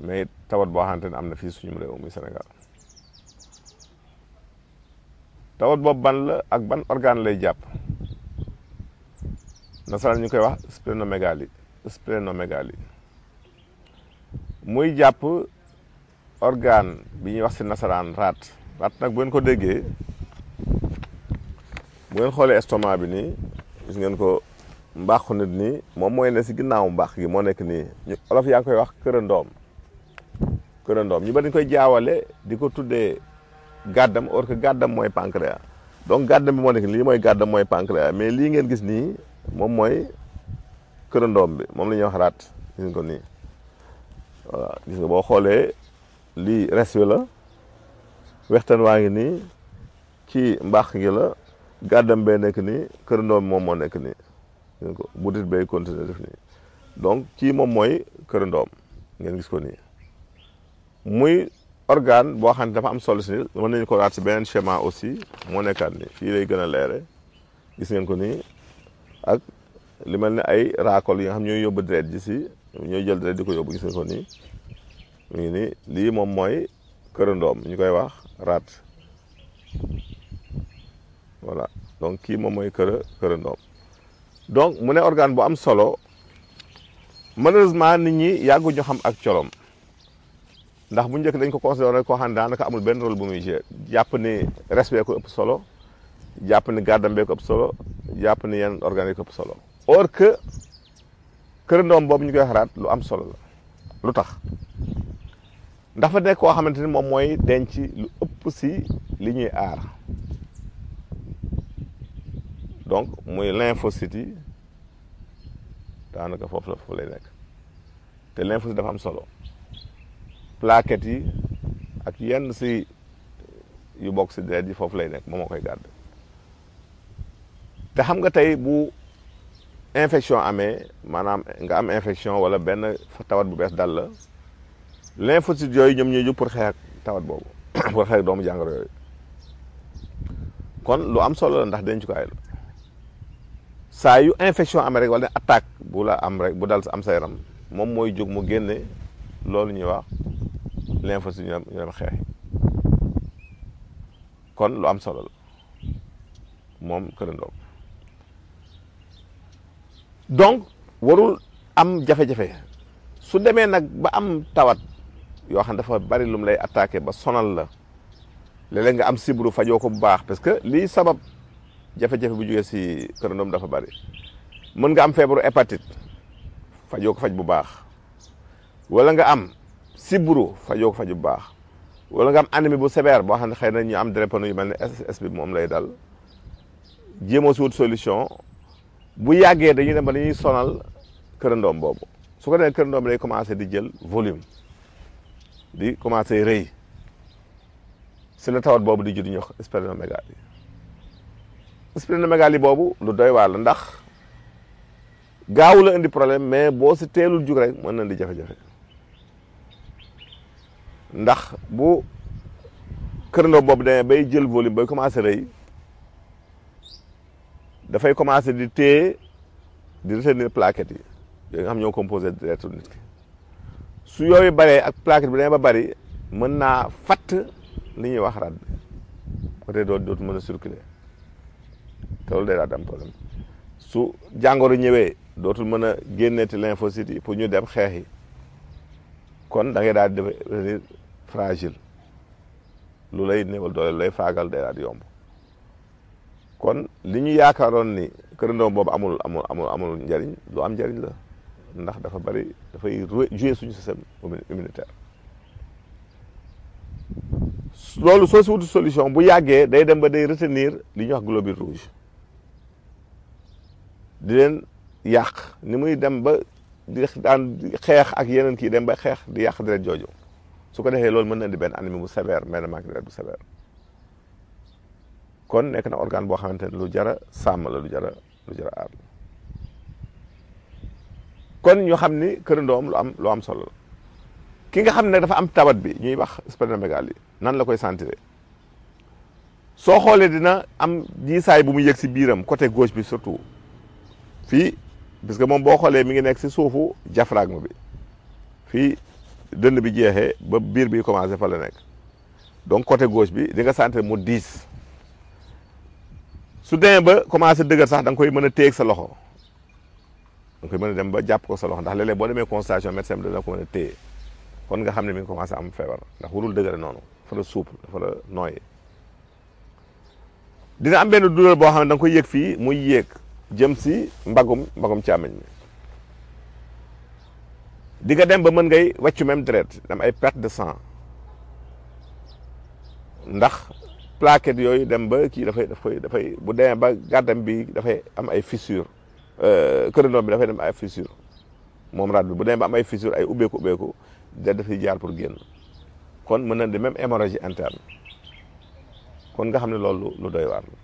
mais tawat boo xamante ne am na fii suñu réew muy Sénégal tawat boobu ban la ak ban organe lay jàpp nasaraan ñu koy wax splénomégalie splénomégalie muy jàpp organe bi ñuy wax si nasaraan raat raat nag bu ngeen ko déggee bu ngeen xoolee estomac bi nii gis ngeen ko mbaaxu nit nii moom mooy ne si ginnaaw mbaax gi moo nekk nii olof yaa ngi koy wax kër ndoom këra ndoom ñu bari koy jaawale di ko tuddee gàddam or que gàddam mooy pancréas donc gàddam bi moo nekk lii mooy gàddam mooy pancréas mais lii ngeen gis nii moom mooy këra ndoom bi moom la ñuy wax raat gis nga ko nii voilà gis nga boo xoolee lii res la wextan waa ngi nii ci mbaax gi la gàddam bee nekk nii këra ndoom bi moom moo nekk nii gis nga ko dit bay continuer def nii donc ci moom mooy këra ndoom ngeen gis ko nii muy organe boo xam ne dafa am solo si nit mën nañu ko raat si beneen schéma aussi moo nekkaat ni fii lay gën a leere gis ngeen ko ni ak li mel ne ay raakol yi nga xam ñooy yóbbu deret ji si ñooy jël deret di ko yóbbu gis ngeen ko nii mu ngi nii lii moom mooy kërandoom ñu koy wax raat voilà donc kii moom mooy kër kërandoom donc mu ne organe bu am solo malheureusement ni ñi yàgguñu xam ak colom ndax buñu jëk dañ ko considéré ko xam amul benn rôle bu muy joué jàpp ni respect ko ëpp solo jàpp ni gàddam ko ëpp solo jàpp ni yenn organique ko ëpp solo or que kër ndoom boobu ñu koy xaraat lu am solo la lu tax fa nekk koo xamante ni moom mooy denc lu ëpp si li ñuy aar donc muy lymphocyte daanaka foofu la foofu lay nekk te lymphocyte dafa am solo plaquettes yi ak yenn si yu bokk si deret yi foofu lay nekk moom moo koy gàdd te xam nga tey bu infection amee maanaam nga am infection wala benn tawat bu bees dal la lymphocytes yooyu ñoom ñooy pour xeex tawat boobu pour xeex doomu jàngoro kon lu am solo la ndax dencukaay la saa yu infection amee rek wala attaque bu la am rek bu dal am sa yaram moom mooy jóg mu génne loolu ñuy wax l'info si ñu dem xeex kon lu am solo la moom Këra donc warul am jafe-jafe su demee nag ba am tawat yoo xam dafa bari lum lay attaqué ba sonal la léeg nga am sibru fajoo ko bu baax parce que lii sabab jafe-jafe bu jógee si Këra Ndoom dafa bari mën nga am feebaru hépatite fajoo faj bu baax wala nga am. sibbiru fajoo ko bu baax wala nga am anémie bu sévère boo xam ne xëy na ñu am drépano yu mel ne SS bi moom lay dal jéem si wut solution bu yàggee dañuy dem ba dañuy sonal kërandoom boobu su ko defee kërandoom lay day commencé di jël volume di commencé rëy si la tawat boobu di jur ñu wax splénomégalie splénomégalie boobu lu doy waar la ndax gaaw la indi problème mais boo si teelul jug rek mën na di jafe-jafe. ndax bu kërndoo boobu demee bay jël volume bay commencé rëy dafay commencé di téye di retenir plaquettes yi yooyu nga xam ñoo composé deretu nit su yooyu baree ak plaquette bi demee ba bari mën naa fatt li ñuy wax rat bi côté doo dootu mën a circuler te loolu day daal am problème su jàngoro ñëwee dootul mën a génneeti lymphocytes yi pour ñu dem xeex kon da ngay daal fragile lu lay néewal doole lay faagal day daal di yomb kon li ñu yaakaaroon ni kërandoom boobu amul amul amul amul njariñ lu am njariñ la ndax dafa bari dafay jouer suñu système immunitaire loolu soo si wutu solution bu yàggee day dem ba day retenir li ñuy wax globules rouge di leen yàq ni muy dem ba di daan xeex ak yeneen kii dem ba xeex di yàq deret jooju su ko defee loolu mën na indi benn anémie bu sévère mais manque de deret bu sévère kon nekk na organe boo xamante ne lu jara sàmm la lu jara lu aar la kon ñu xam ni kër ndoom am lu am solo la ki nga xam ne dafa am tawat bi ñuy wax splénomégalie nan la koy sentir soo xoolee dina am saay bu mu yëg si biiram côté gauche bi surtout fii parce que moom boo xoolee mi ngi nekk si suufu diaphragme bi fii dënn bi jeexee ba biir bi commencé fa la nekk donc côté goos bi di nga sentir mu diis su demee ba commencé dëgër sax danga koy mën a téeg sa loxo da koy mën a dem ba jàpp ko sa loxo ndax léeg boo demee constatation médecin bi dana ko mën a téye kon nga xam ne mi commencé am feebar ndax warul dëgëre noonu dafa la souple dafa la nooy dina am benn douleur boo xam ne danga nga koy yëg fii mu yéeg jëm si mbagum mbagum càmmiñ mi di nga dem ba mën ngay wàccu même deret dam ay perte de sang ndax plaquette yooyu dem ba kii dafay dafay dafay bu demee ba gàddam bi dafay am ay fissure euh, créneau bi dafay dem ay fissure moom raat bi bu demee ba am ay fissure ay ubbeeku ubbeeku da dafay jaar pour génn kon mën na di même hémorragie interne kon nga xam ne loolu lu doy waar la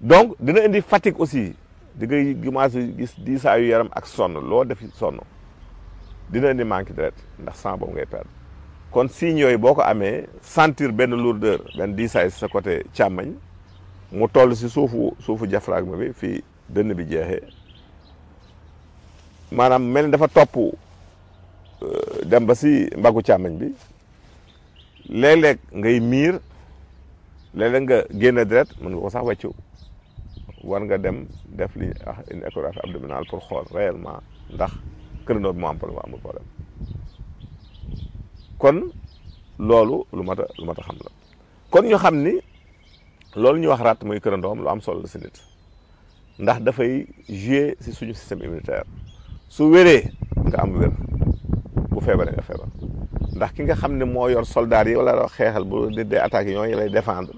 donc dina indi fatigue aussi di ngay commencé gis diisaayu yaram ak sonn loo def sonn dina ni manque deret ndax sang boobu ngay perdre kon signes yooyu boo ko amee sentir benn lourdeur benn diisaay si sa côté càmmañ mu toll si suufu suufu diaphragme bi fii dënn bi jeexe maanaam mel ni dafa topp euh, dem ba si mbagu càmmañ bi léeg-léeg ngay miir léeg nga génn dret mën nga ko sax wàccu war nga dem def li ah une échographie abdominale pour xool réellement ndax créneau bi mu am problème amul problème kon loolu lu mat a lu mat a xam la kon ñu xam ni loolu ñuy wax rat muy créneau am lu am solo la si nit ndax dafay jouer si suñu système immunitaire su wéree nga am wér bu feebaree nga feebar ndax ki nga xam ne moo yor soldaar yi wala xeexal bu nit dee attaques ñooñu lay défendre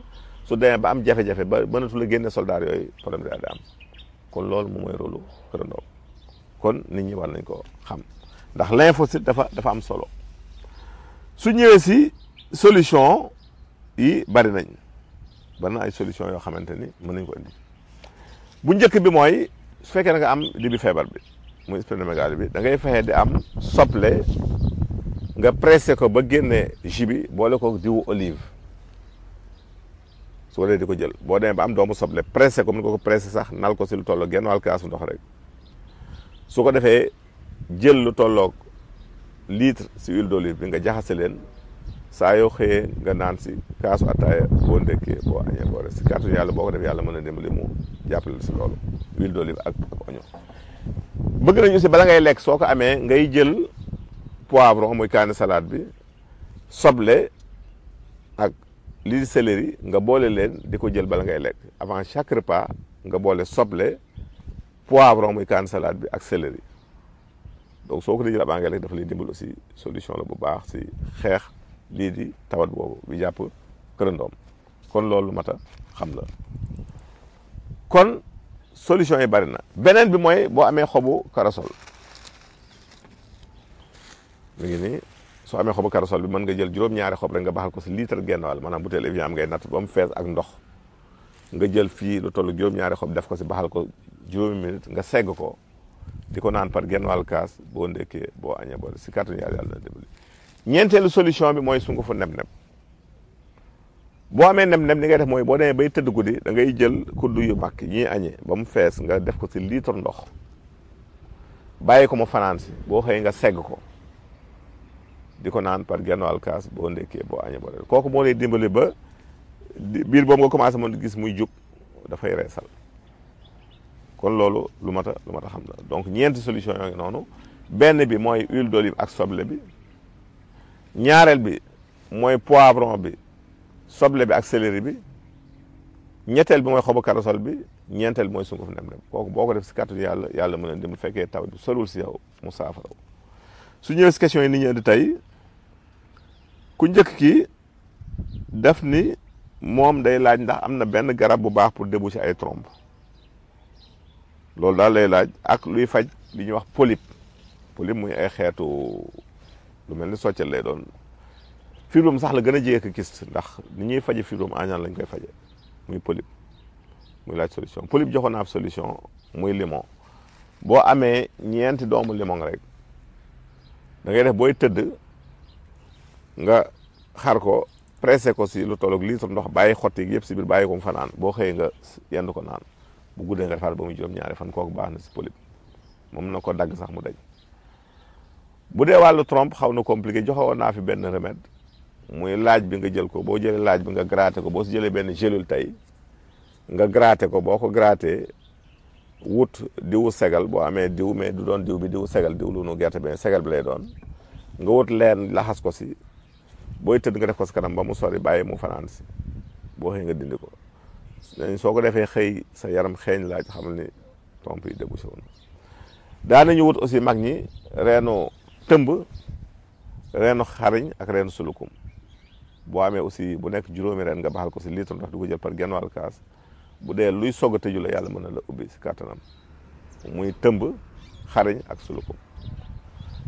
su demee ba am jafe-jafe ba mënatu la génne soldaar yooyu problème daal di am kon loolu moom mooy rôle lu kërandoom kon nit ñi war nañ ko xam ndax lymphocyte dafa dafa am solo su ñëwee si solution yi bari nañ bari na ay solution yoo xamante ni mën nañ ko indi bu njëkk bi mooy su fekkee nag am li bi feebar bi muy splénomégalie bi da ngay fexe di am soble nga pressé ko ba génne jibi bi boole ko diwu olive su waree di ko jël boo demee ba am doomu soble pressé ko mën nga ko pressé sax nal ko si lu toll genn wàll kaasu ndox rek su ko defee jël lu tollook litre si huile d'olive bi nga jaxase leen saa yoo xëyee nga naan si kaasu attaaya boo ndekkee boo añee boo si kàttu yàlla boo ko def yàlla mën na dimbali mu jàppale si loolu huile d'olive ak ak bëgg nañu si bala ngay lekk soo ko amee ngay jël poivron muy kaani salaat bi soble ak lii céleri nga boole leen di ko jël bala ngay lekk avant chaque repas nga boole soble poivron muy kaan salade bi ak céleri donc soo ko dee jël ab engrais dafa lay dimbal aussi solution la bu baax si xeex lii di tawat boobu bi jàpp kërandoom kon loolu lu mat xam na kon solution yi bari na beneen bi mooy boo amee xobu karasol mi ngi nii soo amee xobu karasol bi mën nga jël juróom-ñaari xob rek nga baxal ko si litre genn wàll a butéel Evian am ngay natt ba mu fees ak ndox nga jël fii lu toll juróom-ñaari xob def ko si baxal ko juróomi minute nga segg ko di ko naan par genn wàll kaas boo ndekkee boo añee si kàttanu yàlla yàlla na solution bi mooy sungufu neb-neb boo amee neb-neb li ngay def mooy boo demee bay tëdd guddi da ngay jël kuddu yu mag yi añee ba mu fees nga def ko si litre ndox bàyyi ko mu fanaan si boo xëyee nga segg ko di ko naan par genn wàll boo ndekkee boo añee kooku moo lay dimbali ba biir boobu nga commencé mën gis muy jub dafay reesal kon loolu lu mat a lu mat a xam la donc ñeenti solution yoo noonu benn bi mooy huile d'olive ak soble bi ñaareel bi mooy poivron bi soble bi ak céleri bi ñetteel bi mooy xobu corossol bi ñeenteel bi mooy sunguf ndem-ndem kooku boo ko def si kàttu yàlla yàlla mën di mu fekkee taw bi solul si yow mu saafara su ñëwee si question yi ni ñu indi tey ku njëkk ki def ni moom day laaj ndax am na benn garab bu baax pour déboucher ay trompe loolu daal lay laaj ak luy faj li ñuy wax polip polype muy ay xeetu lu mel ni soccet lay doon fibrome sax la gën a jege ak kyste ndax ni ñuy faje fibrome en général lañ koy faje muy polype muy laaj solution polype joxoon naa solution muy limon boo amee ñeenti doomu limon rek da ngay booy tëdd nga xar ko pressé ko si lu tolloog litre ndox bàyyi xotti yëpp si biir bàyyi ko mu fa boo xëyee nga yendu ko naan bu guddee nga defaat ba mu juróom-ñaari fan kooku baax na si polype moom na ko dagg sax mu dañ bu dee wàllu trompe xaw na compliqué joxe woon naa fi benn remède muy laaj bi nga jël ko boo jëlee laaj bi nga gratté ko boo jëlee benn gélule nga gratté ko boo ko gratté wut diwu segal boo amee diw mais du doon diw bi diwu segal diw lu nu gerte bi segal bi lay doon nga wut leen laxas ko si booy tëdd nga def ko sa kanam ba mu sori bàyyi mu fanaan si boo xëy nga dindi ko soo ko defee xëy sa yaram xeeñ laaj xam ni pompe yi débouché woon daa nañu wut aussi mag ñi reenu tëmb reenu xariñ ak reenu sulukum boo amee aussi bu nekk juróomi reen nga baxal ko si litre ndox di ko jël par genn wàll kaas bu dee luy soog a tëju yàlla mën na la ubbi si kàttanam muy tëmb xariñ ak sulukum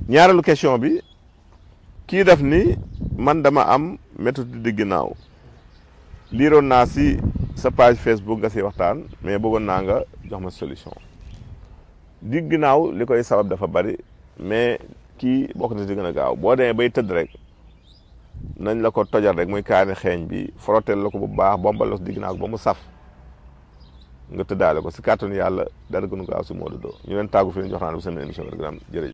ñaareelu question bi kii def ni man dama am métitu di ginnaaw liiroon naa si sa page Facebook nga si waxtaan mais bëggoon naa nga jox ma solution di ginnaaw li koy sabab dafa bari mais kii bokk na si gën a gaaw boo demee bay tëdd rek nañ la ko tojal rek muy kaani xeeñ bi frotteel la ko bu baax bombal la ko si di ginnaaw ba mu saf nga tëddaale ko si kàttanu yàlla dara gënu gaaw si Modou Lo ñu leen tàggu fi leen jox naan bu seen émission bi jërëjëf